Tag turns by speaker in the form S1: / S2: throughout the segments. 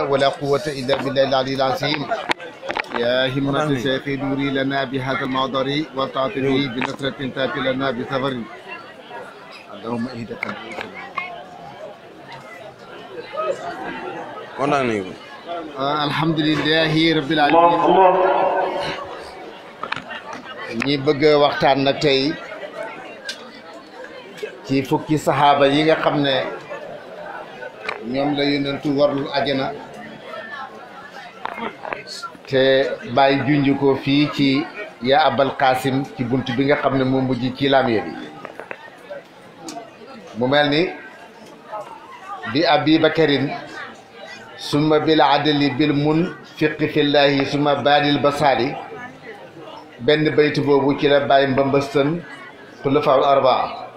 S1: ولا قوة إلا بالله العلي العظيم يا همنا الشيخ نوري لنا بهذا المعذر وتعطني بنصرة تأتي لنا بثبر اللهم اهد قلبي آه، الحمد لله رب العالمين ñi bëgg waxtaan nag tey ci fukki saxaaba yi nga xam ñoom la yonentu warlu ajana te bàyyi junj ko fii ci yaa abal qaasim ci bunt bi nga xam ne moo mujj ci laamiya bi mu mel ni bi abi bakarin summa bil adali bil mun fiqi fillaahi summa baadil basaali benn baytu boobu ci la bàyyi mbambastan xulafaul arbaa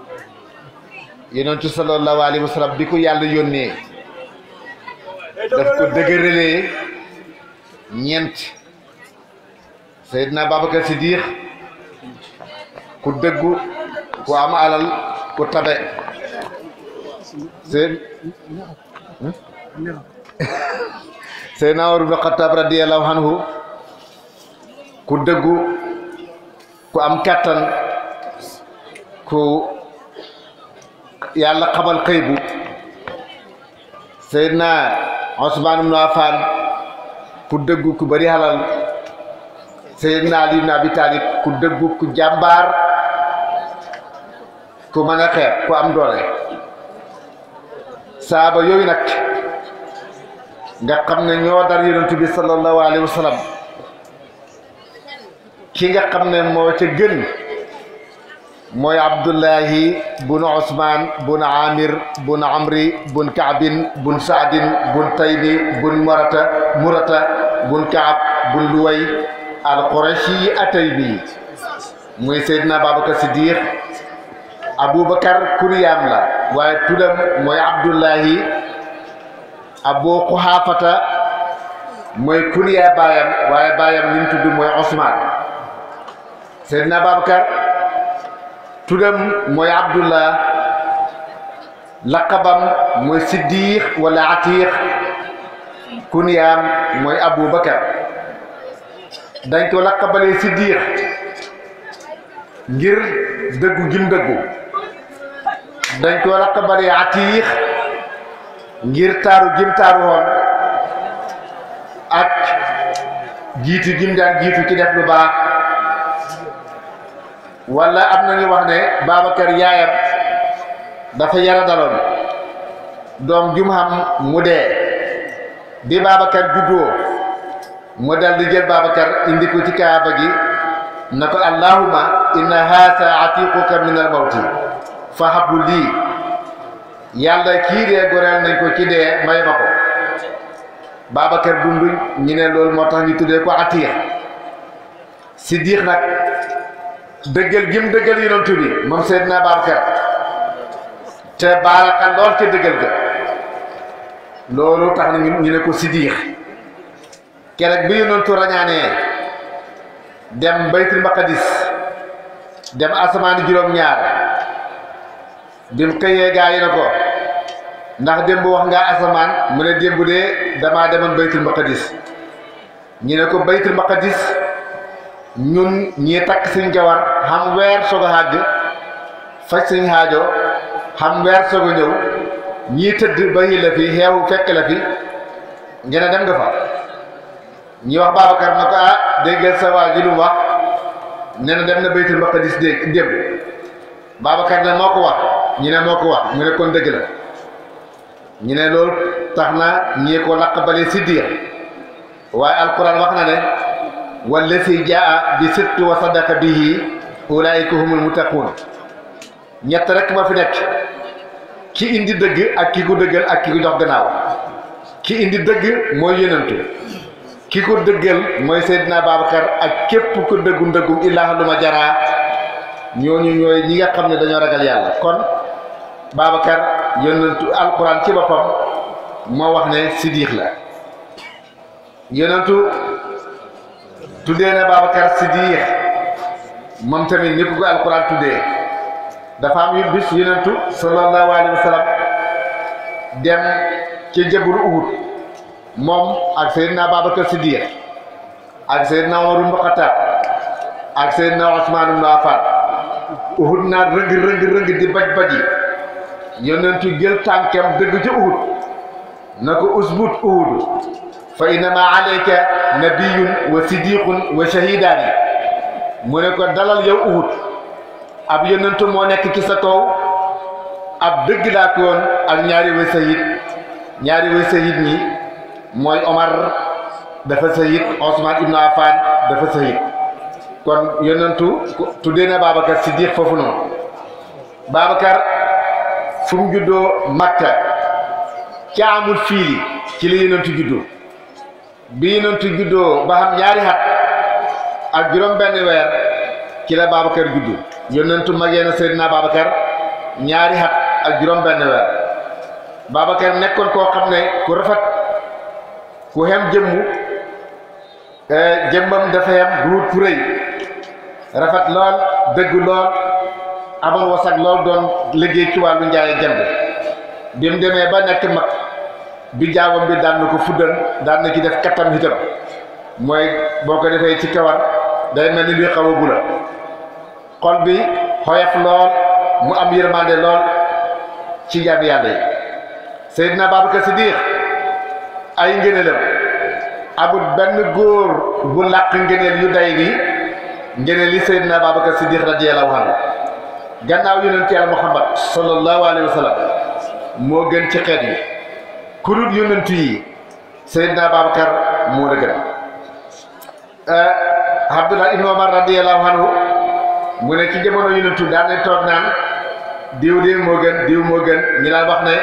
S1: yonentu sallallahu alayhi wa sallam bi ko yàlla yónnee daf ko dëgëralee ñeent Seydina Babacar Siddiq ku dëggu ku am alal ku tabe Seyd hmm? Seydina Umar bin Xattaab ku dëggu ku am kattan ku yàlla xamal xëy bu Usmaan ibn Affaan ku dëggu ku bëri halal Seydina Ali ibn Abi Talib ku dëggu ku jàmbaar ku mën a xeex ku am doole saaba yooyu nag nga xam ne ñoo dar yonent bi sallallahu alayhi wa sallam ki nga xam ne moo ca gën mooy abdullahi bun osman bun amir bun amri bun kaabin bun saadin bun taymi bun murata murata bun kaab bun luway al qurashi ataymi muy seydina babacar siddiq aboubacar kuriyam la waaye tuddam mooy abdullahi abu quhafata mooy kuriya baayam waaye baayam ni mu tudd mooy osman seydina babacar تغم موي عبد الله لقبم موي صديق ولا عتيق كنيام موي ابو بكر دانكو لقبالي صديق غير دغو جيم دغو دانكو لقبالي عتيق غير تارو جيم تارو هون اك جيتو جيم دان جيتو كي ديف لو باخ wala am na ñu wax ne Babacar yaayam dafa yara doom jum xam mu dee bi Babacar juddoo mu dal di jël Babacar indi ko ci kaaba gi na ko allahuma inna haata atiquka min al mawti fa hablu lii yàlla kii dee goreel nañ ko ci dee may ma ko Babacar dund ne loolu moo tax ñu tuddee ko atiq siddiq nag dëggal mu dëggal yonent bi moom baa fet te baarakan lool ca dëggal ga loolu tax na ñu ne ko siddiix keroog bi yonentu rañaanee dem baytul maqadis dem asamaani juróom-ñaar bim xëyee gaa yi ne ko ndax démb wax nga asamaan mu ne démb dee damaa demoon baytul mbaqadis ñu ne ko baytul maqadis ñun ñii takk suñ jawar xam weer soog a àgg faj suñ xaajo xam weer soog a ñëw ñii tëdd bayi la fi xeewu fekk la fi ngeen dem nga fa ñi wax Babacar na ko a ah, déggal sa waa ji wax nee na dem na baytul maqdis dégg démb Babacar ne moo ko wax ñu ne moo ko wax mu ne kon dëgg la ñu ne loolu tax na ñii ko laq bale si diir waaye alquran wax na ne wallazi jaa bi sidqi wa sadaqa bihi ulaayika mu muttaquun ñett rek ma fi nekk ki indi dëgg ak ki ko dëggal ak ki ko jox gannaaw ki indi dëgg mooy yonentu ki ko dëggal mooy Seydina Babacar ak képp ko dëggu ndëggum illaa lu ma jaraa ñooñu ñooy ñi nga xam ne dañoo ragal yàlla kon Babacar yonentu alquran ci boppam moo wax ne siddiix la yonentu tuddee na Babacar Sidiq moom tamit ni ko alquran tuddee dafa am yu bis yonentu sallallahu alayhi wa sallam dem ci jëbru Uhud moom ak Seydina Babacar Sidiq ak Seydina Umar ibn Khattab ak Seydina usman ibn Affan Uhud na rëng rëng rëng di baj yi yonentu jël tànkem dëgg ci Uhud na ko usbut Uhud fa innama alayka nabiyun wa siddiqun wa shahidaani mu ko dalal yow uhud ab yonentu moo nekk ci sa kaw ab dëgg laa ko woon ñaari way sayid ñaari way sayid ñi mooy Omar dafa sayid Osman ibnu Affan dafa sayid kon yonentu tuddee na Babacar Siddiq foofu noonu Babacar fu mu juddoo Makka ca fiili ci la yonentu juddoo bi yonentu juddoo ba xam ñaari xat ak juróom-benn weer ci la Babacar juddu yonentu magee na Seydina Babacar ñaari xat ak juróom-benn weer nekkoon koo xam ne ku rafet ku xem jëmmu eh, jëmbam dafa xem duut fu rafet lool dëggu lool amoon wasak lool doon liggéey ci wàllu njaay jënd bi mu demee ba nekk mag bi jaawam bi daan na ko fuddan daan na ci def kattan hitam mooy boo ko defee ci kawar day mel ni xol bi xoyef lool mu am yërmande lool ci jaam yàlla yi Seydina Babacar Siddiq ay ngëneelam amul benn góor bu làq ngëneel yu day nii ngëneel li Seydina Babacar sidiq radiyallahu anhu gannaaw yonent yàlla Muhammad sallallahu alayhi wa sallam moo gën ci xeet ku dul yónnent yi Seydina Babacar moo la gën eh, Abdullah ibn Omar radiyallahu anhu mu ne ci jamono yónnent daan nañ toog naan diw diw moo gën diw moo gën ñi daan wax ne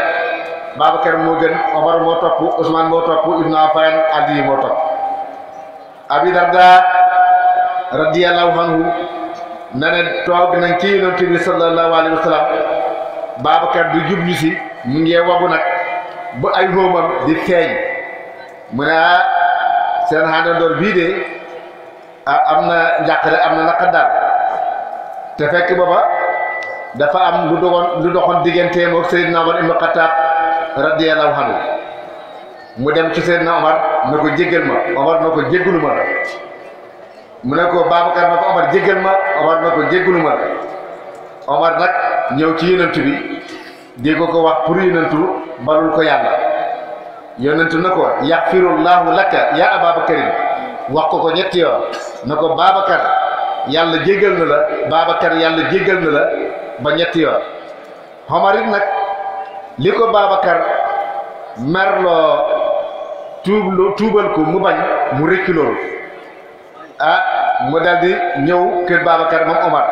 S1: Babacar moo gën Omar moo topp Ousmane moo topp Ibn Affan Ali moo topp Abi Darda radiyallahu anhu na ne toog nañ ci yónnent bi sallallahu alayhi wa sallam Babacar du jublu si mu ngi wagu nag bu ay góomam di feeñ mu ne ah seen xàndandoor bii de ah am na njàqare am na naqar daal te fekk booba dafa am lu doxoon lu doxoon digganteem ak Seydina Omar ibnu Xattaab radiyallahu anhu mu dem ci Seydina Omar na ko jéggal ma Omar na ko jéggalu ma ko Babacar na ko jéggal ma Omar nag ñëw ci yonent di ko ko wax pour yonentu balul ko yàlla yonentu na ko yaxfirullahu laka ya ababakarin wax ko ko ñetti na ko baabakar yàlla jéggal na la baabakar yàlla jéggal na la ba ñetti yoon xomar li ko baabakar merloo tuubloo tuubal ko mu bañ mu rëcc loolu ah, mu dal ñëw kër baabakar moom omar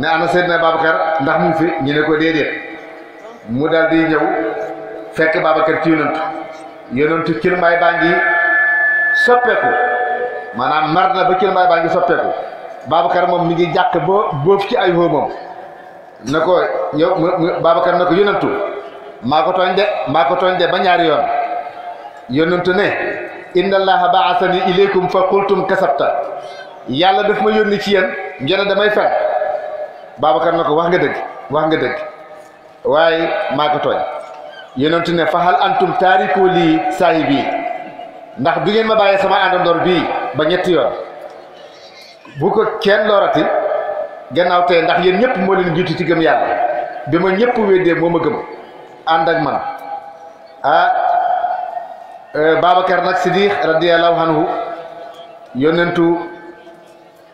S1: ne ana seydna baabakar ndax mu fi ñu ko déedéet mu dal di ñëw fekk Babacar ci yonantu yonantu kilmaay baa ngi soppeeku maanaam mar na ba kilmaay baa ngi soppeeku Babacar moom mi ngi jàkk ba boof ci ay xóomam na ko yow Babacar na ko yonantu maa ko tooñ de maa ko tooñ de ba ñaari yoon yonantu ne inna allaha baasani ilaykum fa qultum kasabta yàlla def ma yónni ci yéen ngeen damay fen Babacar na ko wax nga dëgg wax nga dëgg waaye maa ko tooñ yonentu ne antum taarikoo lii saayi bii ndax du ngeen ma bàyyee sama àndandoor bii ba ñetti yoon bu ko kenn loorati gannaaw tey ndax yéen ñëpp moo leen jiitu ci gëm yàlla bi ma ñëpp weddee moo ma gëm ànd ak man ah euh, Babacar nag Sidiq radiyallahu anhu yonentu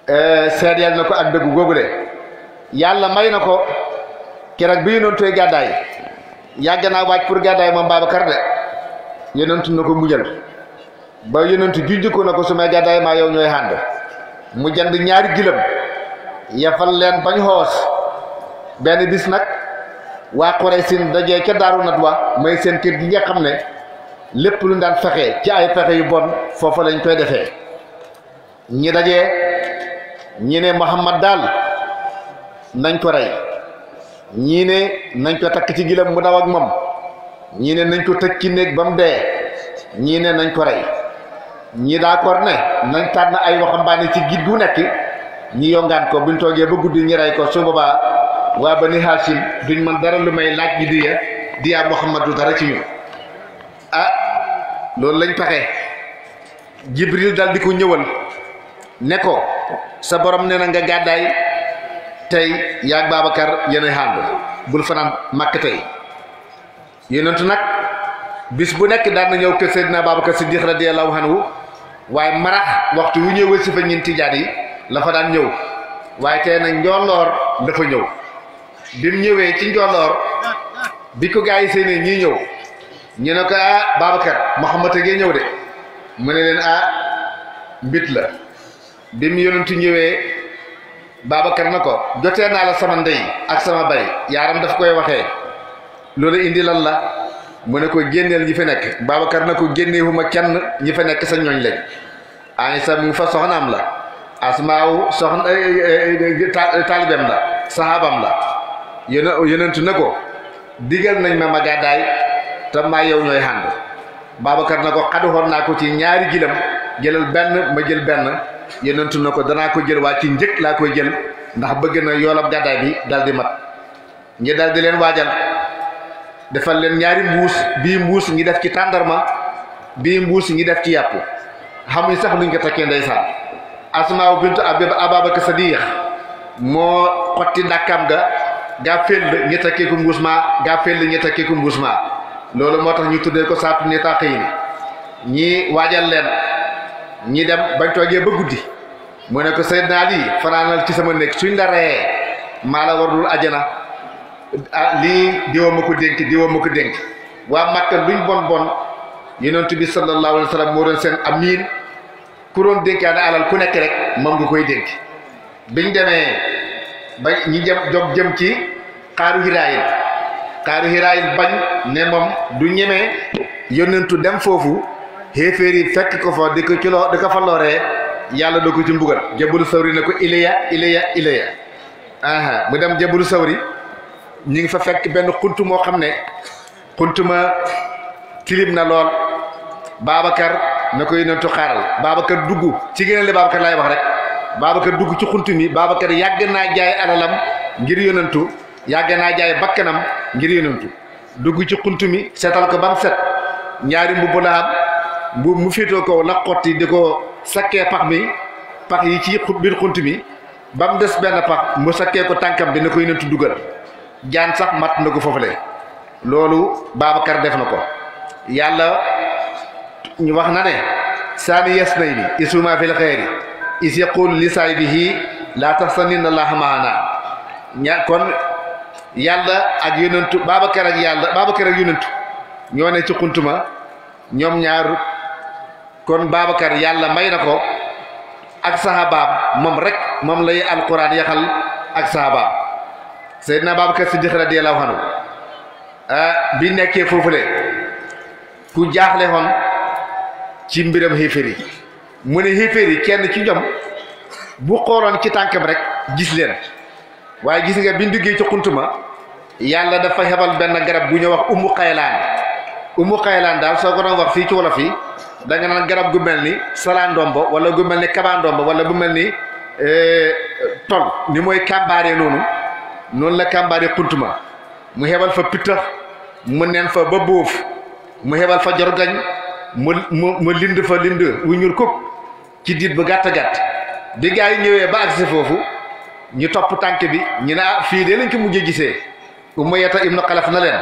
S1: euh, seedeel na ko ak dëggu googu de yàlla may na ko keroog bi yonentu gàddaay yàgg naa waaj pour gàddaay moom Babacar de yonentu na ko mujjal ba yonentu junj ko na ko su gàddaay maa yow ñooy ànd mu jënd ñaari gilam yafal leen bañ xoos benn bis nag waa Quraysin dajee ca Daaru Nadwa may seen kër gi nga xam ne lépp lu daan fexe ci ay fexe yu bon foofa lañ koy defee ñi dajee ñi ne Muhammad daal nañ ko rey ñii ne nañ ko takk ci gilam mu daw ak moom ñii ne nañ ko tëj ci néeg ba mu dee ñii ne nañ ko rey ñii d'accord ne nañ tànn ay waxambaane ci gid gu nekk ñi yongaan ko buñ toogee ba guddi ñi rey ko su boobaa waa bani haasim duñ man dara lu may laaj bi diya diya muhammad du dara ci ñu ah loolu lañ taxee jibril dal di ko ñëwal ne ko sa borom ne na nga gàddaay tey yaag Babacar yéen a ànd bul fanaan màkk tey yonentu nag bis bu nekk daan na ñëw kër Seydina Babacar Siddiq radiyallahu anhu waaye marax waxtu wu ñëwee si fa ñun tijaan yi la fa daan ñëw waaye tey nag njolloor dafa ñëw bi mu ñëwee ci njolloor bi ko gaa yi seenee ñii ñëw ñu ne ko ah Babacar Mouhamad a ngi ñëw de mu ne leen ah mbit la bi mu yonentu ñëwee babakar nako ko na la sama ndey ak sama bay yaram daf koy waxé lolu indi lan la mu ne ko gennel ñi fi nek babakar nako genné huma kenn ñi fa nek sa ñooñ lañ ay sa mu fa soxnam la asmaaw soxna talibem la sahabam la yene yenent nako digel nañ ma maga day ta ma yow ñoy hand babakar nako ko xadu xoon naa ci ñaari gilam jëlal ben ma jël ben yenentu nako dana ko jël wa ci ndiek la koy jël ndax bëgg na gaday bi dal mat ñi daldi len wajal defal len ñaari mbuus bi mbuus ñi def ci tandarma bi mbuus ñi def ci yap xamu sax luñu ko takkee ndeysaan asmaaw bint abib ababak sadiq mo xoti ndakam ga ga fell ñi takkee ko mbuus ga gaa fell ñi takkee ko mbuus lolu motax ñu tuddé ko saatu ni ñi wajal len ñi dem bañ toogee ba guddi mu ne ko fanaanal ci sama nekk suñ la reyee maa la warul ajana ah lii diwa ma ko dénk diwa dénk waa Makka luñ bon bon yonent bi sallallahu alayhi wa sallam moo doon seen amiin ku doon dénkaane alal ku nekk rek moom nga koy dénk biñ demee ba ñi jëm jog jëm ci xaaru hiraayin xaaru hiraayin bañ ne moom du ñemee yonentu dem foofu xéeféer yi fekk ko fa di ko ci loo ko fa loree yàlla doo ko ci mbugal jëbalu sawri ne ko iléya iléya iléya aha mu dem jëbalu sawri ñu ngi fa fekk benn xunt moo xam ne xunt ma tilim na lool Babacar na ko yonentu xaaral Babacar dugg ci gën a le laay wax rek Babacar dugg ci xunt mi Babacar yàgg naa jaay alalam ngir yonentu yàgg naa jaay bakkanam ngir yonentu dugg ci xunt mi seetal ko ba set ñaari mbubb la bu mu féetoo kaw la xotti di ko sakkee pax mi pax yi ci biir xunt mi ba mu des benn pax mu sakkee ko tànkam bi na ko yenentu dugal jaan sax mat na ko foofale loolu Babacar def na ko yàlla ñu wax na ne saani yes nay ni isuma fil xeeri is yaqul li saahibihi laa tahzanin allaha maanaa ña kon yàlla ak yenentu Babacar ak yàlla Babacar ak yenentu ñoo ne ci xunt ma ñoom ñaar kon Babacar yàlla may na ko ak sahabaam moom rek moom lay alquran yaxal ak sahabaam Seydina Babacar Siddiq radiyallahu anhu ah, bi nekkee foofule ku jaaxle woon ci mbiram xéeféer yi mu ne xéeféer kenn ci ñoom bu xooloon ci tànkam rek gis leen waaye gis nga bi duggee ci xuntuma yàlla dafa xebal benn garab bu ñu wax umu xaylaan umu xaylaan daal soo ko doon wax fii ci wolof yi da nga naan garab gu mel ni salandombo wala gu mel ni kabandombo wala bu mel ni e, tol ni mooy kàmbaaree noonu noonu la kàmbaaree xuntuma mu xebal fa pittax mu neen fa ba bóof mu xebal fa jorgañ mu mu mu lind fa lind wu ñuul kuk ci diit bu gàtt gàtt bi gaa yi ñëwee ba agsi foofu ñu topp tànk bi ñu ne a ah, fii de lañ ko mujjee gisee Umayyata ibnu Xalaf na leen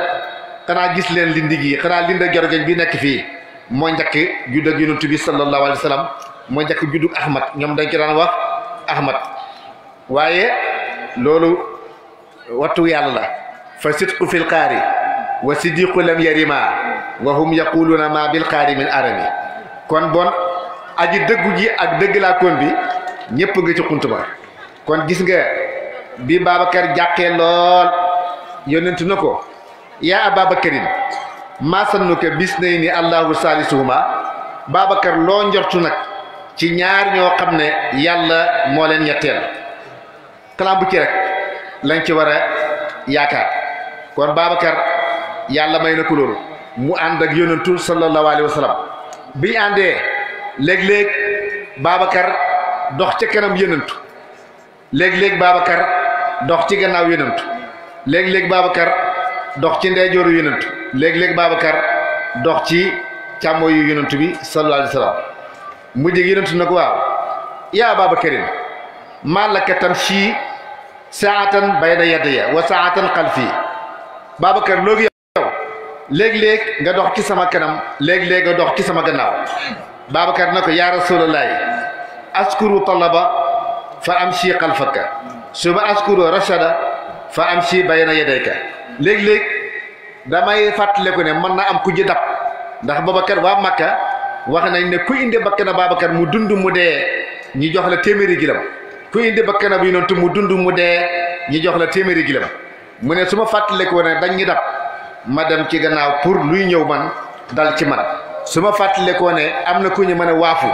S1: xanaa gis leen lindi gi xanaa lind jorgañ bi nekk fii moo njëkk judd ak yonent bi sallallahu alayhi wa sallam moo njëkk ahmad ñoom dañ ci daan wax ahmad waye loolu wattu yàlla la fa sidqu fil qaari wa siddiqu lam yarima wa hum yaquluuna ma bil qaari min arami kon bon aji dëggu ji ak dëgg laa koon bi ñëpp nga ci xunt kon gis nga bi Babacar jàqee lool yónnentu na ko Ababakarin maa sannuka bis nay ni allahu salisuhuma Babacar loo njortu nag ci ñaar ñoo xam ne yàlla moo leen ñetteel kalambu ci rek lañ ci war a yaakaar kon Babacar yàlla may na ko mu ànd ak yonentu sallallahu alayhi wa bi àndee léeg-léeg Babacar dox ci kanam yonentu léeg-léeg Babacar dox ci gannaaw yonentu léeg-léeg Babacar dox ci ndeyjooru yonentu léegi léeg Babacar dox ci càmmo yu yonent bi sallallahu alayhi wa sallam mujj gi yonent na ko waaw yaa Babakarin maa laka tamshi saatan bayna yadaya wa saatan xalfi Babacar loogi yow léeg-léeg nga dox ci sama kanam léeg-léeg nga dox ci sama gannaaw Babacar na ko yaa rasulallahi askuru talaba fa amshi xalfaka suba askuru rashada fa amshi bayna yadayka léeg-léeg damay fàttaliku ne mën na am ku ji dab ndax Babacar waa Makka wax nañ ne ku indi bakkan na Babacar mu dund mu dee ñi jox la téeméeri gilam ku indi bakkan na bu ñu mu dund mu dee ñi jox la téeméeri gilam mu ne su ma fàttalikoo ne dañ ñi dab ma dem ci gannaaw pour luy ñëw man dal ci man su ma fàttalikoo ne am na ku ñu mën a waafu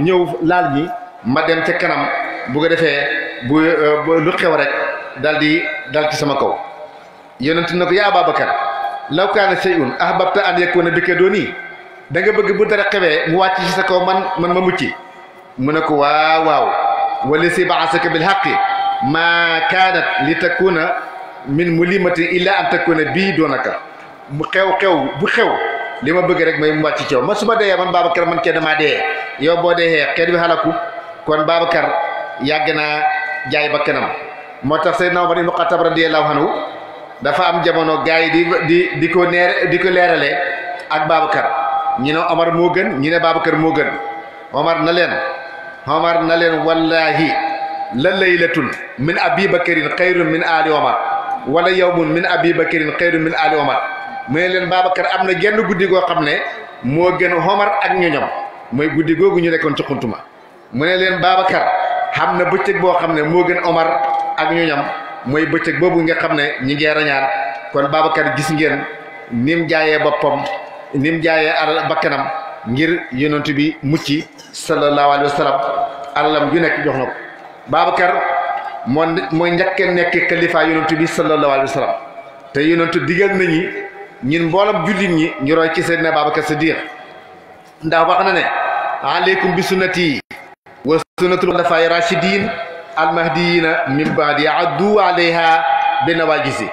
S1: ñëw laal ñi ma dem ca kanam bu ko defee bu lu xew rek dal di dal ci sama kaw yonent na ko yaa Babacar لو كان شيء أحببت أن يكون بك دوني دعك بقى بدر قبة مواتي سكوا من من ممتي منك واو واو ولسي بعثك بالحق ما كانت لتكون من مليمة إلا أن تكون بي دونك مخو خو بخو لما بقى رك ما يمواتي شو ما سمعت يا من بابك من كذا ما ده يا بوده هي كذي بحالكوا كون بابك يا جنا جاي بكنام ما تفسرنا وبنى مقتبر دي الله هنو dafa am jamono gars yi di di di ko neer di ko leerale ak Babacar ñi ne Omar moo gën ñi ne Babacar moo gën Omar na leen Omar na leen wallahi la laylatun min abi bakarin xayrun min ali omar wala yawmun min abi bakarin xayrun min ali omar mu ne leen Babacar am na genn guddi goo xam ne moo gën Omar ak ñoñom mooy guddi googu ñu nekkoon ci xuntuma mu ne leen Babacar xam na bëccëg boo xam ne moo gën Omar ak ñoñom mooy bëccëg boobu nga xam ne ñi ngee rañaan kon Babacar gis ngeen nim jaayee boppam nim jaayee alal bakkanam ngir yonent bi mucci sallallahu alayhi wa sallam alalam ju nekk jox na ko Babacar moo mooy njëkkee nekk xalifa yonent bi sallallahu alayhi te yonent digal nañi ñun mboolam jullit ñi ngiroo roy ci Seydina Babacar Siddiq ndax wax na ne aleykum bi sunnati wa sunnatul xulafaa'i raashidiin na min baadi addu alayha bi nawaajisi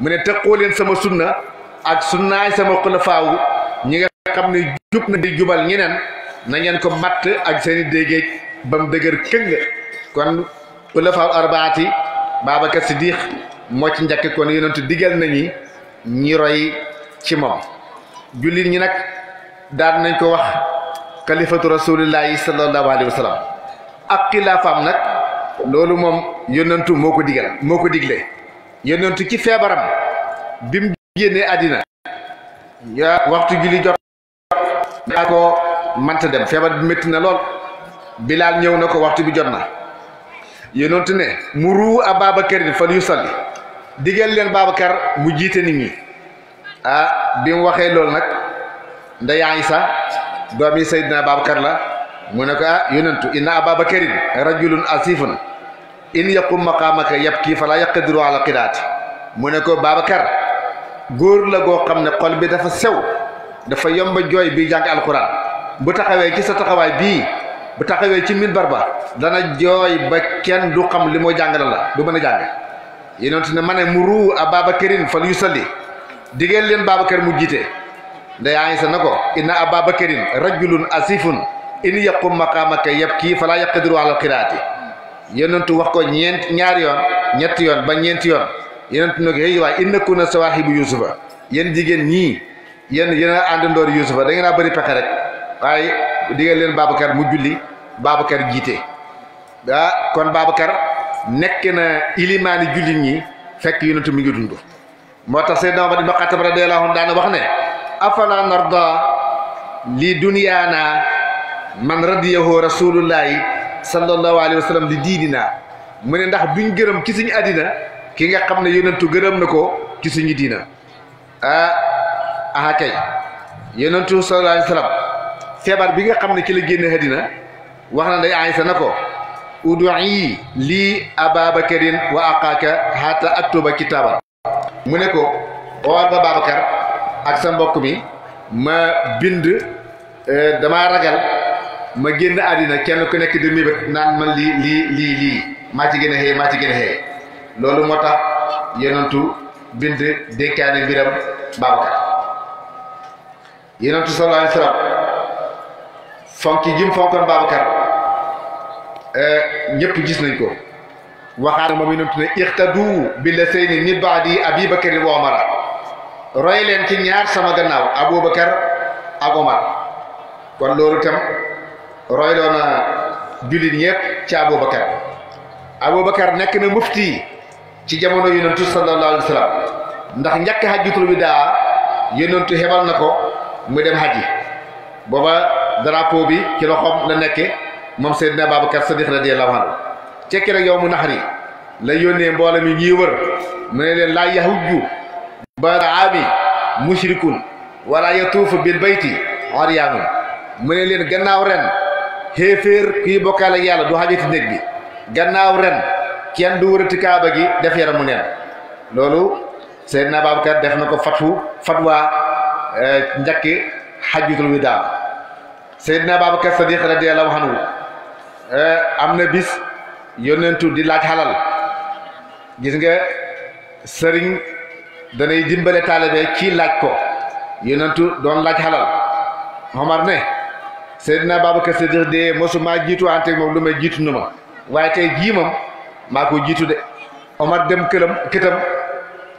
S1: mu ne tëqoo leen sama sunna ak sunnaay sama xulafaawu ñi nga xam ne jub na di jubal ñeneen na ngeen ko matt ak seeni déggéej ba mu dëgër këng kon xulafaaw arbaati Babacar Siddiq moo ci njëkk kon yonentu digal nañu ñi roy ci moom jullit ñi nag daan nañ ko wax xalifatu rasulillahi sallallahu alayhi wa sallam ak xilaafaam nag loolu moom yónnantu moo ko digal moo ko digle yónnantu ci feebaram bi mu génnee àddina ya waxtu julli jot daa ko manta dem feebar bi metti na lool bilaal ñëw na ko waxtu bi jot na yónnantu ne mu ruu a Babacar yi fan yu salli digal leen Babacar mu jiite nit ñi ah bi mu waxee loolu nag nda yaa ngi sax doomi Seydina Babacar la mu ne ko ah yonentu inna ababakarin rajulun asifun in yaqum maqaamaka yabki fala yaqdiru ala qidaati mu ne ko Babacar góor la goo xam ne xol bi dafa sew dafa yomba jooy bi jàng alquran bu taxawee ci sa taxawaay bii bu taxawee ci minbar ba dana jooy ba kenn du xam li moo jàng la la du mën a jàng yonentu ne ma ne muru fa fal yusalli digeel leen kër mu jiite nda yaa ngi sa na ko inna ababakarin rajulun asifun in yaqum maqamaka yabki fala yaqdiru ala qiraati yonentu wax ko ñent ñaar yoon ñet yoon ba ñent yoon yonentu ne ko wa waay innakuna sawahibu yusufa Yen jigen ñi Yen yen andandor yusufa da ngeen bari bëri pexe rek way digel len babakar mu julli babakar jité da kon babakar. nek na ilimani julli ñi fek yonentu mi ngi dundu motax sayyidna seydna omar ibn anhu daana wax ne afala narda li dunyana man radiyahu rasulullahi sallallahu alayhi wa sallam li diininaa mu ne ndax biñ gërëm ci suñu àddina ki nga xam ne yonentu gërëm na ko ci suñu diina ah aha kay yonentu sallallahu alayhi feebar bi nga xam ne ci la génne àddina wax na day Aysa na ko udui lii ababakarin wa aqaaka hatta aktuba kitaaban mu ne ko oowal ba Babacar ak sa mbokk mi ma bind eh, dama ragal ma génn àddina kenn ku nekk di mébét naan man lii lii lii maa ci gën a xëy maa ci gën a xëy loolu moo tax yonentu bind dénkaane mbiram Babacar yonentu sallallahu alayhi wasallam jim fonkoon Babacar eh, ñëpp gis nañ ko waxaana moom yonentu ne iqtadu bi la seyni min baadi abi bakari wa roy leen ci ñaar sama gannaaw aboubacar ak kon loolu tam royloo na jullit ñëpp ci Aboubacar Aboubacar nekk na mufti ci jamono yonentu sallallahu alayhi wa sallam ndax njëkk hajjutul widaa yonentu na ko mu dem hajji booba drapeau bi ci loxoom la nekke moom Seydina Babacar Sadiq radiyallahu anhu cekki rek yow mu naxari la yónnee mbooloo mi ñuy wër mu ne leen laa yahujju ba'da aami mushrikun wala yatuufu bil bayti aryaanun mu ne leen gannaaw ren xéeféer kuy bokkaale ak yàlla du xajati néeg bi gannaaw ren kenn du wërati kaaba gi def yaramu neen loolu Seydina Babacar def na ko fatwu fatwa eh, njakki xajjutul widaa Seydina Babacar Sadiq radiyallahu anhu eh, am na bis yónnentu di laaj xalal gis nga sëriñ danay dimbale taalibe ci laaj ko yónnentu doon laaj xalal Omar ne Seydina Babacar Siddiq de mosuma jiitu ante moom lu may jiitu nu ma waaye tey jii moom maa ko de Omar dem kelam kitam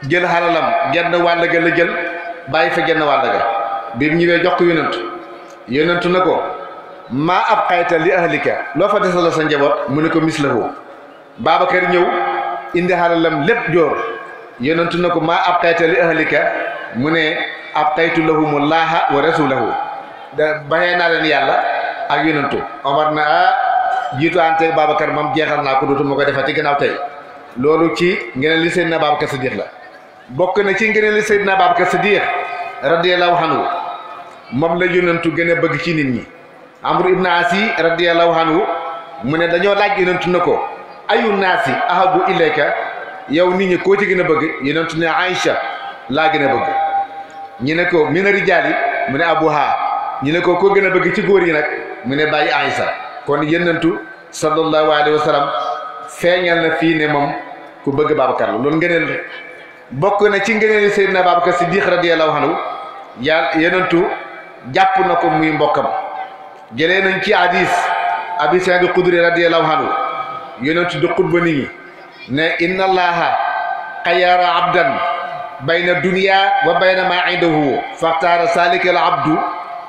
S1: jël halalam genn wàll ga la jël bàyyi fa genn wàll ga bi mu ñëwee jox ko yonent yonent nako ma maa ab xayta li ahlika lo fa desal sa njaboot mu ne ko mislahu Babacar ñew indi halalam lepp jor yonent nako ma maa ab xayta li ahlika mu ne ab xaytu lahumu wa rasulahu da bàyyee naa leen yàlla ak yonentu Omar na ah jiitu anteeg Babacar moom jeexal naa ko dootuma ko defati gannaaw tey loolu ci ngeen li Seydina Babacar Siddiq la bokk na ci ngeen li Seydina Babacar Siddiq radiyallahu anhu moom la yonentu gën bëgg ci nit ñi Amru ibn Asi radiyallahu anhu mu ne dañoo laaj yonentu na ko ayu naasi ahabu ilayka yow nit ñi ko ci gën a bëgg yonentu ne Aïcha laa gën a bëgg ñu ko mina rijaali mu ne abuha ñu ne ko ko gën a bëgg ci góor yi nag mu ne bàyyi Aysa kon yenentu sallallahu alayhi wa sallam feeñal na fii ne moom ku bëgg Babacar la loolu ngëneel la bokk na ci ngëneeli Seydina Babacar Siddiq radiyallahu anhu ya yenentu jàpp na ko muy mbokkam jëlee nañ ci hadis abi Saïd al-Xudri radiyallahu anhu yenentu di xutba nit ñi ne inna allaha xayara abdan bayna dunya wa bayna ma indahu faxtaara salika al abdu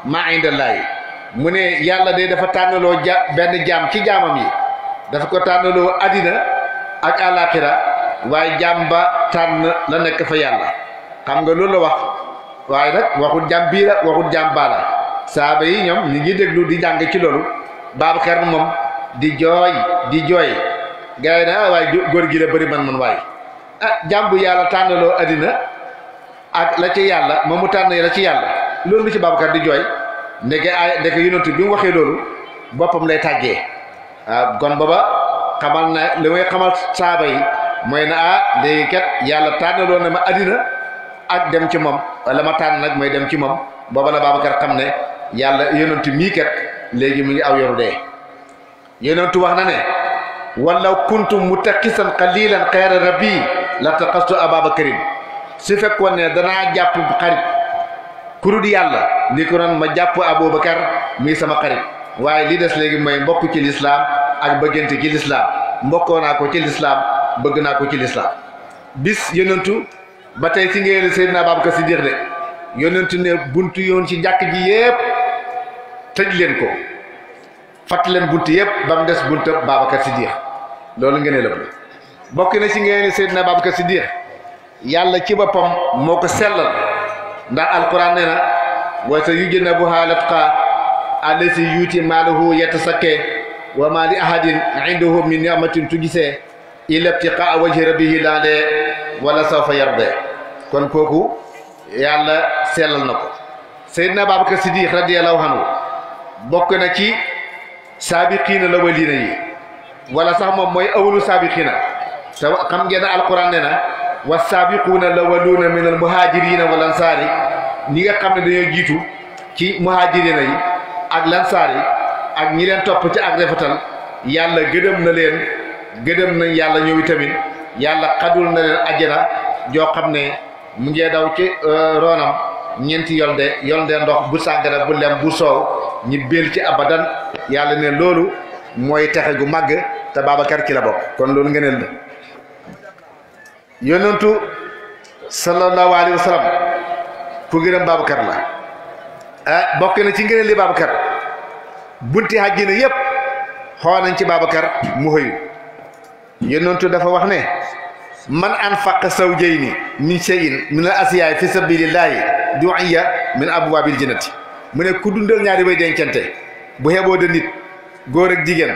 S1: maa indallaahi mu ne yàlla de dafa tànnaloo ja benn jaam ci jaamam yi dafa ko tànnaloo àddina ak àllaaxira waaye jaam ba tànn la nekk fa yàlla xam nga loolu la wax waaye nag waxut jaam bii la waxut jaam baa saaba yi ñoom ñu ngi déglu di jàng ci loolu baabu moom di jooy di jooy gars yi ah, waaye góor gi la bëri man man waaye ah, jaam bu yàlla tànnaloo àddina ak la ci yàlla moom mu tànn la ci yàlla loolu lu ci Babacar di jooy ndeke ay ndeke yonentu bi mu waxee loolu boppam lay tàggee waaw ah, gon baba xamal na li may xamal saaba yi mooy na ah léegi kat yàlla tànnaloon na ma àddina ak dem ci moom la ma tànn nag mooy dem ci moom booba la Babacar xam ne yàlla yonentu mii kat léegi mu ngi aw yoru dee yonentu wax na ne walaw kuntum mutaqisan qalilan xayra rabbi la taqastu ababakarin su fekkoon ne danaa jàpp xarit kurut yàlla li ko ma jàpp Aboubacar muy sama xarit waaye li des léegi mooy mbokku ci lislaam ak bëggante ci lislaam mbokkoo naa ko ci lislaam bëgg naa ko ci bis yonentu ba tey si ngeen Seydina Babacar Siddiq de yonentu ne buntu yoon ci jàkk ji yépp tëj leen ko fàtt leen bunt yépp ba mu des bunta Babacar Siddiq loolu ngeen la bokk na si ngeen Seydina Babacar yàlla ci boppam moo ko sellal ndax alquran nee na wa sa yujannabuha latqa allasi yuuti maalahu yatasakke wa ma li ahadin indahu min ni'matin tujise illa ibtiqaa wajhi rabbihi laa de wala sawfa yarde kon kooku yàlla sellal na ko seydina babacar siddiq radiyallahu anhu bokk na ci saabiqiina la waliina yi wala sax moom mooy awlu saabiqiina te xam ngeen alquran nee na na la wasaabiquuna lawaluuna min almuhaajirina wal ansaari ñi nga xam ne dañoo jiitu ci muhaajirina yi ak lansaar yi ak ñi leen topp ci ak rafetal yàlla gëdëm na leen gëdëm nañ yàlla ñëw tamit yàlla xadul na leen ajjana joo xam ne mu ngee daw ci euh, roonam ñeenti yolde de ndox bu sàggara bu lem bu soow ñi bil ci abadan yàlla ne loolu mooy texe gu màgg te Babacar ci la bokk kon loolu ngëneel bi yonentu sallallahu alayhi wa sallam ku gërëm Babacar la ah bokk na ci ngëneel li Babacar bunti àjjana yépp xool nañ ci Babacar mu xëyu yonentu dafa wax ne man anfaqa zawjayni min shay'in min al asiyaay fi sabilillahi du'iya min abwaabil jannati mu ne ku dundal ñaari way dencante bu xeboo de nit góor ak jigéen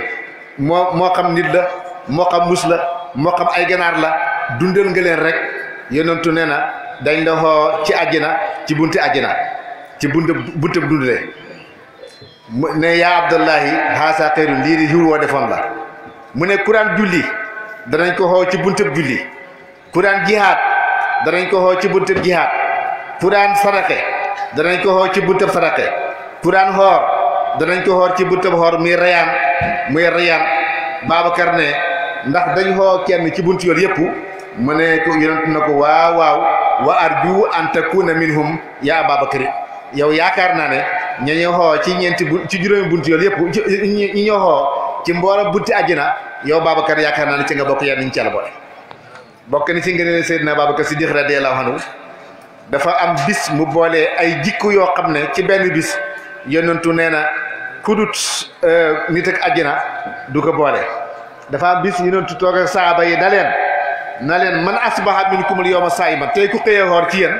S1: moo moo xam nit la moo xam mus la moo xam ay ganaar la dundal nga rek yonentu nee na dañ la ci àjjina ci bunt àjjina ci bunte bunte dundale ne yaa abdallahi haasa xayrun lii di yiw woo defoon la mu ne kuraan julli danañ ko xoo ci bunte julli kuraan jihaad danañ ko xoo ci bunte jihaad kuraan saraxe danañ ko xoo ci bunte saraxe kuraan xoor danañ ko xoor ci bunte xoor muy rayaan muy rayaan Babacar ne ndax dañu xoo kenn ci bunt yool yëpp mu ne ko yonent na ko waaw waaw wa arju an takuna minhum yaa ababakar yow yaakaar naa ne ña xoo ci ñeenti bu ci juróomi buntu yool yëpp ñi ñoo xoo ci mbooram bunti àjjana yow Babacar yaakaar naa ne ci nga bokk yàlla nañ ci la boole bokk na ci si Seydina Babacar Siddiq radiyallahu anhu dafa am bis mu boolee ay jikko yoo xam ne ci benn bis yonentu nee na kudut euh, nit ak àjjana du ko boole. dafa am bis yonentu toog ak saaba yi na leen na leen man asbaha minkumul yawma saayiman tey ku xëyee xoor ci yéen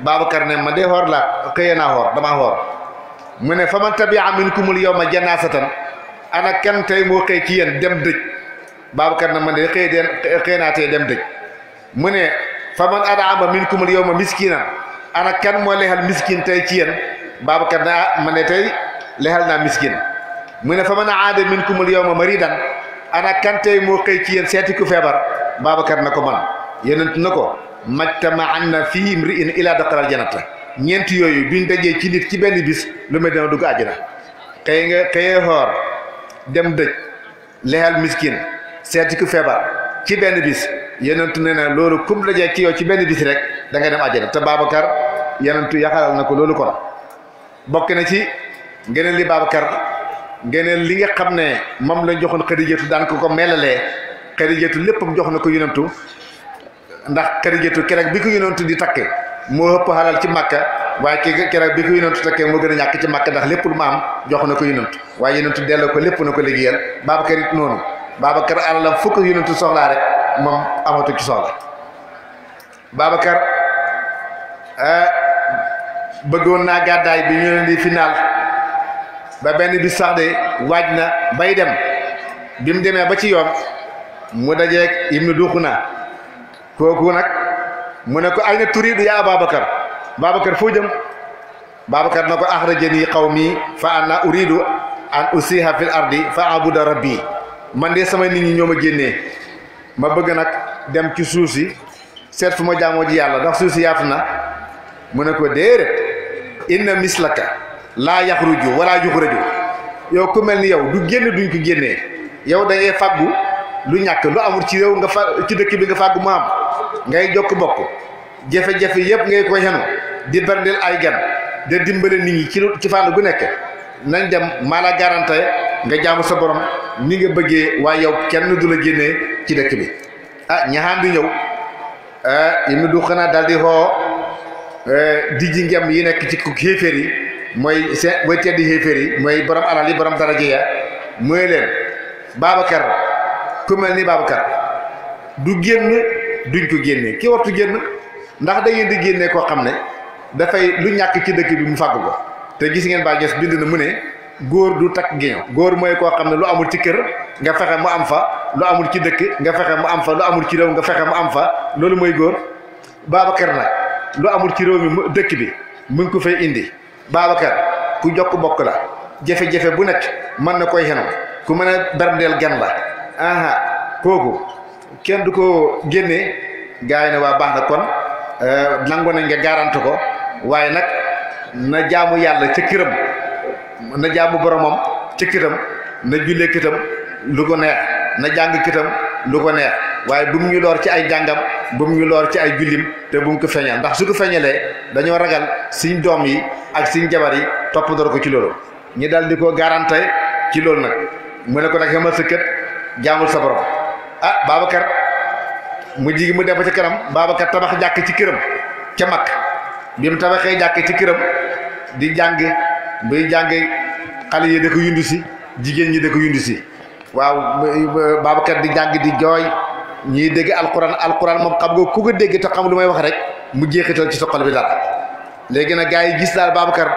S1: Babacar ne ma dee xoor la xëyee naa xoor damaa xoor mu ne fa man tabia ma yawma janaasatan ana kenn tey moo xëy ci yéen dem dëj Babacar ne ma de xëy deen xëy naa tey dem dëj mu ne fa man adaama minkumul yawma miskinan ana kenn moo lexal miskin tey ci yéen Babacar ne ah ma ne tey lexal naa miskin mu ne fa man aada minkumul yawma ana kante mo xey ci yeen seeti ku febar babakar nako ko man yenent nako majtama anna imri'in ila daqal janata ñent yoyu duñ dajee ci nit ci benn bis lu me dina dug àjjana xëy nga xëyee hor dem dej lehal miskin seti ku febar ci benn bis yenent neena lolu loolu kum dajee ci yow ci benn bis rek da nga dem àjjana te babakar yenent yaxalal xalal nako lolu ko bokk na ci ngeneen li babakar ngeneen li nga xam ne moom la joxoon xadijatu daan ko ko melalee xadijatu léppam jox na ko yonantu ndax xadijatu keroog bi ko yonantu di takk moo ëpp xalal ci màkka waaye ki keroog bi ko yonantu takkee moo gën a ñàkk ci màkka ndax lépp lu ma am jox na ko yonantu waaye yonantu delloo ko lépp na ko liggéeyal Babacar it noonu Babacar alalam fukk yonantu soxlaa rek moom amatu ci soxla Babacar ah, bëggoon naa gàddaay bi ñu leen di final ba benn bis sax de waaj na bay dem bi mu demee ba ci yoon mu dajeeg ibnu naa kooku nag mu ne ko ay na turiidu yaa Babacar Babacar foo jëm Babacar na ko axrajani qawmi fa ana uridu an usiha fil ardi fa abuda rabbi man de sama nit ñi ñoo ma génnee ma bëgg nag dem ci suuf si seet fu ma jaamoo ji yàlla ndax suuf si na mu ne ko déerét inna mislaka laa yaxruju wala yuxraju yow ku mel ni yow du génn duñ ko génnee yow da ngay fàggu lu ñàkk lu amul ci yow nga fa ci dëkk bi nga fàggu maam ngay jokk bokk jafe-jafe yëpp ngay ko xenu di berndeel ay gen de dimbale nit ñi ci ci fànn gu nekk nañ dem maa la garante nga jàmm sa borom ni nga bëggee waa yow kenn du la génnee ci dëkk bi ah ñaxaan di ñëw ah, yi mu du xanaa daal di xoo eh, di ji ngem yi nekk ci ku kéeféer yi mooy se mooy tedd xéeféer yi mooy borom alal yi borom dara ya mooy leen Babacar ku mel ni Babacar du génn duñ ko génnee ki wartu génn ndax da ngeen di génne koo xam ne dafay lu ñàkk ci dëkk bi mu fàgg ko te gis ngeen baa gis bind na mu ne góor du takk géño góor mooy koo xam ne lu amul ci kër nga fexe mu am fa lu amul ci dëkk nga fexe mu am fa amul ci réew nga fexe mu am fa loolu mooy góor Babacar nag lu amul ci réew mi dëkk bi mu ngi ko fay indi Babacar ku jokk bokk la jafe-jafe bu nekk mën na koy xenal ku mën a berndeel gan la aha kooku kenn du ko génne gars yi ne waa baax na kon euh, nangu nañ nga garante ko waaye nag na jaamu yàlla ca këram na jaamu boromam ca këram na jullee këtam lu ko neex na jàng këtam lu ko neex waaye du mu ñu loor ci ay jàngam bu mu ñu loor ci ay jullim te bu ko feeñal ndax su ko feeñalee dañoo ragal suñ doom yi ak suñ jabar yi topp door ko ci loolu ñu daldi di ko garanté ci loolu nag mu ne ko nag xamal sa kët jaamul sa borom ah Babacar mu jigi mu def ba ca kanam Babacar tabax jàkk ci këram ca mag bi mu tabaxee jàkk ci këram di jàng buy jàng xale yi da yundu si jigéen ñi da ko yundu si waaw Babacar di jàng di jooy ñiy dégg alquran alquran moom xam nga ku ko dégg te xam lu may wax rek mu jeexital ci sa xol bi dara léegi nag gaa yi gis daal Babacar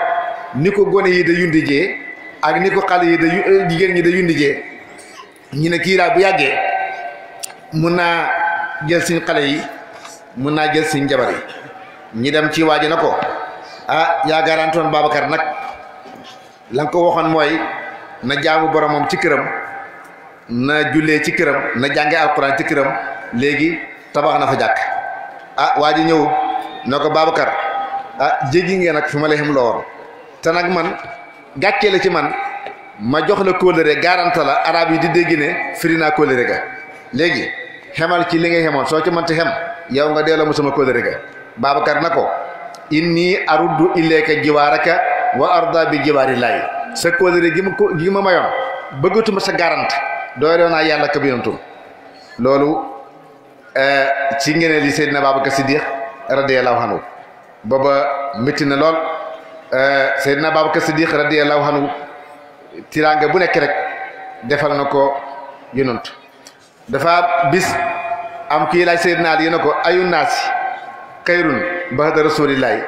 S1: ni ko gone yi da yundijee ak ni ko xale yi da euh, jigéen ñi da yundijee ñu ne kii bu yàggee mun naa jël suñ xale yi mun naa jël suñ jabar yi ñi dem ci waa ji na ko ah yaa garantoon Babacar nag la ko waxoon mooy na jaamu boromam ci këram. na jullee ci këram na jàngee alquran ci këram léegi tabax na fa jàkk ah waa ji ñëw na ko Babacar ah jéggi ngee nag fi ma la xam lool te nag man gàccee la ci man ma jox la kóllëre garanta la arab yi di dégg ne firi naa kóllëre ga léegi xemal ci li nga xemoon soo ci man mënti xem yow nga delloo mu sama kóllëre ga Babacar na ko inni aruddu ilayka jiwaaraka wa arda bi jiwaari laay sa kóllëre gi ma ko gi ma mayoon bëggatuma sa garant doyloo naa yàlla ak yonentum loolu eh, ci ngeneel yi Seydina Babacar Siddiq radiyallahu anhu booba métti na lool eh, Seydina Babacar Siddiq radiyallahu anhu tiraanga bu nekk rek defal na ko yonent dafa bis am kii laaj Seydina Ali yéena ko ayu naasi xayrun ba'da rasulillahi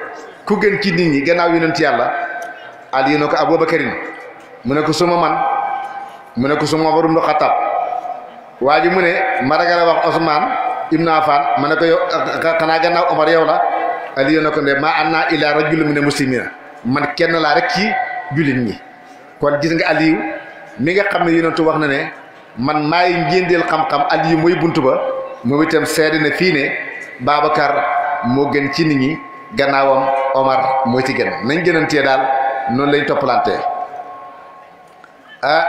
S1: ku gën ci nit ñi gannaaw yonent yàlla Ali yéena ko Abubakarin mu ne ko suma man mu ne ko suma ma warum lu xatab waa ji mu ne ma ragal wax wax Ousmane naa Affan ma ne ko yow xanaa gannaaw Omar yow la Aliou ne ko ne maa an naa illaa rajulun mina muslimina man kenn laa rek ci jullit ñi kon gis nga Aliou mi nga xam ne yonentu wax na ne man maay njéendeel xam-xam Aliou mooy buntu ba moom itam seede na fii ne Babacar moo gën ci nit ñi gannaawam Omar mooy ci gën nañ gënantee daal noonu lañ toppalantee ah,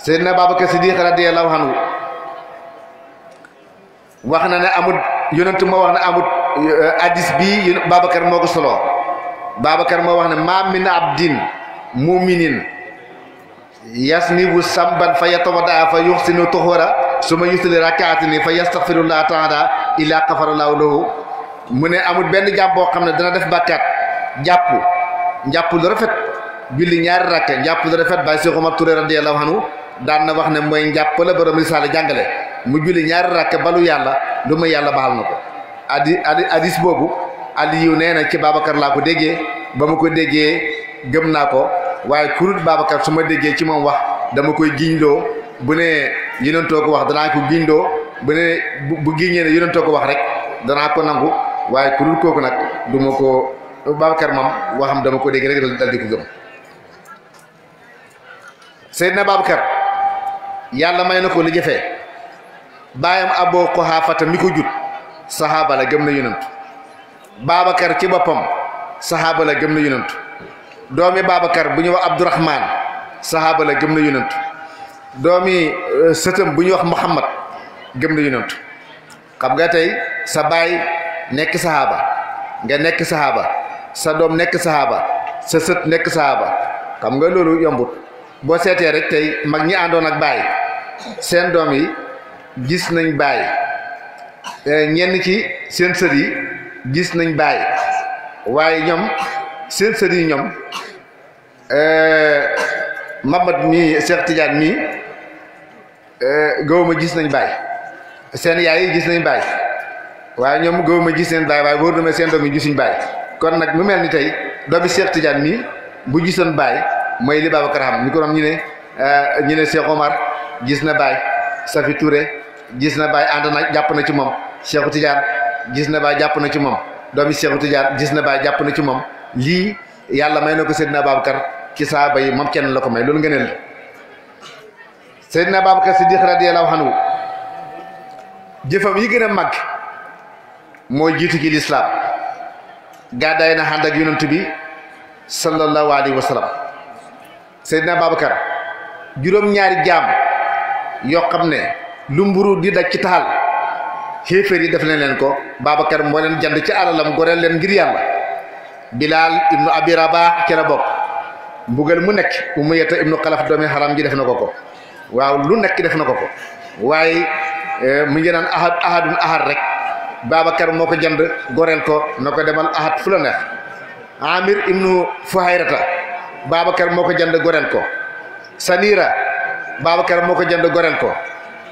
S1: Seydina Babacar Siddiq radiyallahu anhu wax na ne amut yonent moo wax ne amut eh, hadis bii Babacar moo ko solo Babacar moo wax ne ma min abdin muminin ni bu samban fa yatawadda fa yuxsinu tuxura suma yusli rakaatini fa yastaxfirullaha taala ila xafarallahu lahu mu ne amul benn jàpp boo xam ne dana def bàkkaat jàpp njàpp lu rafet julli ñaari rakka njàpp lu rafet Baay Seex Umar Ture radiyallahu anhu daan na wax ne mooy njàpp la borom risaala jàngale mu julli ñaari rakk balu yàlla lu yàlla baal na ko adi adi hadis boobu Aliyu nee na ci Babacar laa ko déggee ba ma ko déggee gëm naa ko waaye kurut Babacar su ma déggee ci moom wax dama koy giñloo bu ne yonentoo ko wax danaa ko giñloo bu ne bu giñee ne yonentoo ko wax rek danaa ko nangu waaye kurut kooku nag duma ma ko Babacar moom waxam dama ko dégg rek dal di ko gëm Seydina Babacar yàlla may na ko li jafee baayam aboo ko xaafata mi ko jut saxaaba la gëm na yonent Babacar ci boppam saxaaba la gëm na yonent doomi Babacar bu ñu wax Abdourahman saxaaba la gëm na yonent doomi euh, sëtam bu ñu wax Muhammad gëm na yonent xam nga tey sa baay nekk saxaaba nga nekk saxaaba sa doom nekk saxaaba sa sët nekk saxaaba xam nga loolu yombut boo seetee rek tey mag ñi àndoon ak baay seen doom yi gis nañ baay eh, ñenn ci seen sër yi gis nañ baay waaye ñoom seen sër yi ñoom eh, Mamat mii Cheikh Tidiane mii eh, gawuma gis nañ baay seen yaay yi gis nañ baay waaye ñoom gawuma gis nañ baay waaye wóor na ma seen doom yi gisuñ baay kon nag mu mel ni tey doomi Cheikh Tidiane mii bu gisoon baay mooy li Babacar xam ñu ko doon ñu ne euh, ñu ne gis na Baye Safi Touré gis na baay ànd na jàpp na ci moom Cheikh Tidiane gis na Baye jàpp na ci moom doomi Cheikh gis na Baye jàpp na ci moom lii yàlla may na ko Seydina Babacar ci saaba yi moom kenn la ko may loolu nga ne la Seydina Babacar Siddiq radiyallahu anhu jëfam yi gën a màgg mooy jiitu gi lislaam gàddaay na ànd ak yonent bi sallallahu alayhi wa sallam Seydina Babacar juróom-ñaari jaam yoo xam ne lu mburu di daj ci taxal xéeféer yi def leen leen ko baabakar moo leen jënd ci alalam goreel leen ngir yàlla Bilaal ibnu Abi Rabah ci la bokk mbugal mu nekk Umayyata ibnu Xalaf doomi xaram ji def na ko ko waaw lu nekk def na ko ko waaye eh, mu ngi naan ahad ahadun rek Babacar moo ko jënd goreel ko na ko demal ahad fu la neex Amir ibnu Fuhayrata Babacar moo ko jënd gorel ko Sanira Babacar moo ko jënd gorel ko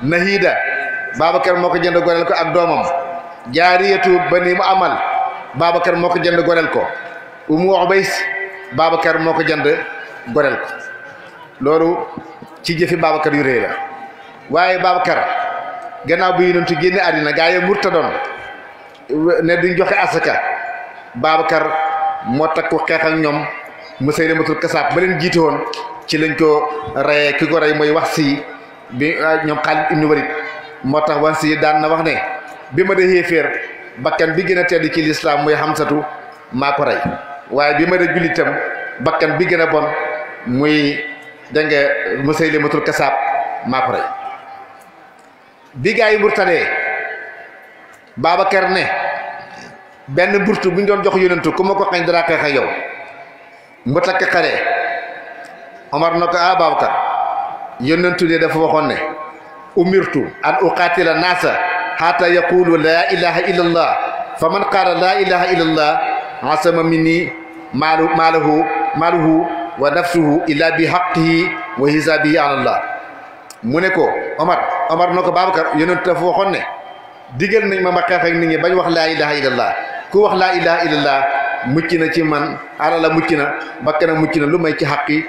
S1: Nahida Babacar moo ko jënd gorel ko ak doomam jaariyatu bani mu amal Babacar moo ko jënd gorel ko Umu Ubays Babacar moo ko jënd gorel ko loolu ci jëfi Babacar yu rëy la waaye Babacar gannaaw bi yonentu génne àddina gaa yi murtadoon ne duñ joxe asaka Babacar moo takku xeex ak ñoom musaylimatul matul kasab balen jiite won ci lañ ko ray ki ko ray moy wax si bi ah, ñom Xaalid ibnu Walid motax wax si daan na wax ne bima de hefer bakkan bi gëna tedd ci l'islam moy hamsatu mako ray waye bima de julitam bakkan bi gëna bon muy dégg nga musaylimatul matul kasab mako ray bi gaay murtade babakar ne ben burtu buñ doon jox yonentu kuma ko xañ dara yow mbotak xare omar nako a babka Babacar de dafa waxoon ne umirtu an uqatila nasa hatta yaqulu la ilaha illa allah faman qala la ilaha allah asama minni malu maluhu maluhu wa nafsuhu illa bi haqqihi wa hisabihi ala allah muneko omar omar nako babka Babacar dafa waxoon ne digal nañ ma makka xek nit ñi bañ wax la ilaha allah ku wax la ilaha allah mucc na ci man alala mucc na ba bakkana mucc na lu may ci xaqi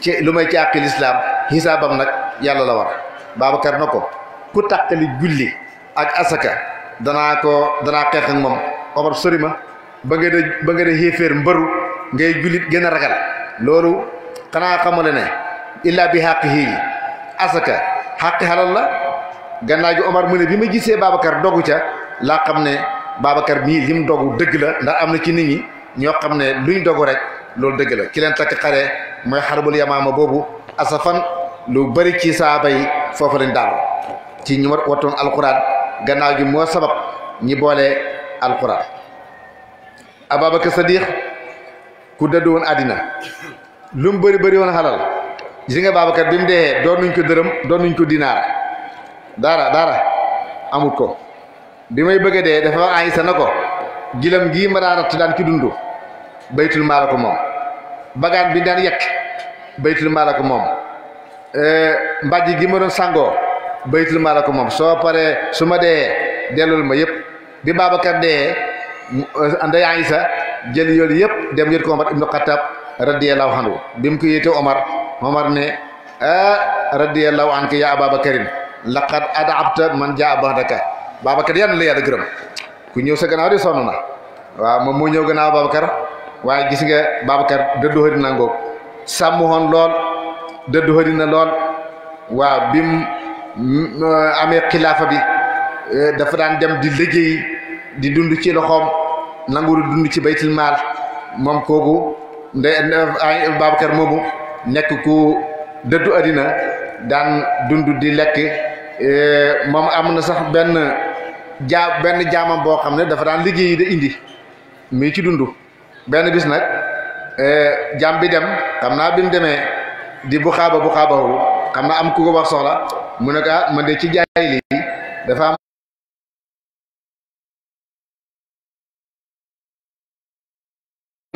S1: ci lu may ci àqi lislaam xisaabam nag yàlla la war Babacar na ko ku tàqali julli ak asaka danaa ko danaa xeex moom Omar sori ma ba nga de ba nga de mbëru ngay jullit gën a ragal loolu xanaa xamale ne illaa bi xàq xii asaka xàq xalal la gannaaw gi Omar mu ne bi ma gisee Babacar dogu ca laa xam ne Babacar mii lim dogu dëgg la ndax am na ci nit ñi ñoo xam ne luñ dogu rek loolu dëgg la ci leen takk xare mooy xarbul yamaama boobu asafan lu bari ci saaba yi foofu lañ daal ci ñu wattoon alquran gannaaw gi moo sabab ñi boole alquran Ababacar Sadiq ku dëdd woon àddina lu mu bëri bëri woon xalal gis nga Babacar bi mu dee doon nuñ ko dërëm doon nuñ ko dinaar dara dara amut ko bi may bëgg dee dafa wax na ko gilam gii ma daan ratt daan ki dund baytul maala ko moom bagaan bi daan yekk baytul maala ko moom mbàjj gi ma doon sangoo baytul maala ko moom soo paree su ma dee dellul ma yépp bi Babacar dee eh, nday Aysa jël yoolu yëpp dem yët ko Omar ibnu Xattab radiyallahu anhu bi mu ko yéete Omar Omar ne ah man jaa ba'daka Babacar yàlla la yàlla gërëm ku ñëw sa gannaaw di sonn na waaw moom moo ñëw gannaaw Babacar waaye gis nga Babacar dëddu xëy na ngoog sàmm woon lool dëddu xëy lool waaw bi mu mm, euh, amee xilaafa bi euh, dafa daan dem di liggéey di dund ci loxoom nanguwul dund ci baytil maal moom kooku nde moomu nekk ku dëddu àddina daan dund di lekk euh, moom am na sax benn jaa benn jaamam boo xam ne dafa daan liggéey yi da indi mii ci dund benn bis nag eh, jaam bi dem xam naa bi demee di bu xaaba bu xaabawu xam naa am ku ko wax soxla mu ne ko ah man de ci jaay lii dafa am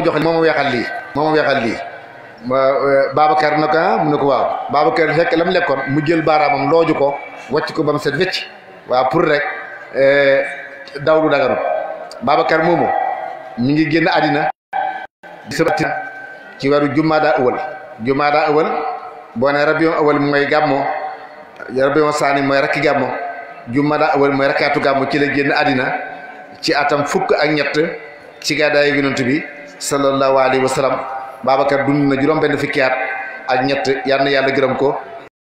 S1: jox mooma weexal lii mooma weexal lii eh, Babacar na ko ah, mu ne ko waaw Babacar fekk la mu lekkoon mu jël baaraamam looju ko wacc ko ba mu set wécc waaw pour rek Eh, dawru dagaru Babacar moomu mi ngi génn àddina di sëbati ci weeru jumaada awal jumaada awal boo ne rabion awal mooy gàmmo rabion saani mooy rakki gàmmo jumaada awal mooy rakkaatu gàmmo ci la génn àddina ci atam fukk ak ñett ci gàddaayu yonent bi sallallahu alayhi wa sallam Babacar dund na juróom benn fukki at ak ñett yal na yàlla gërëm ko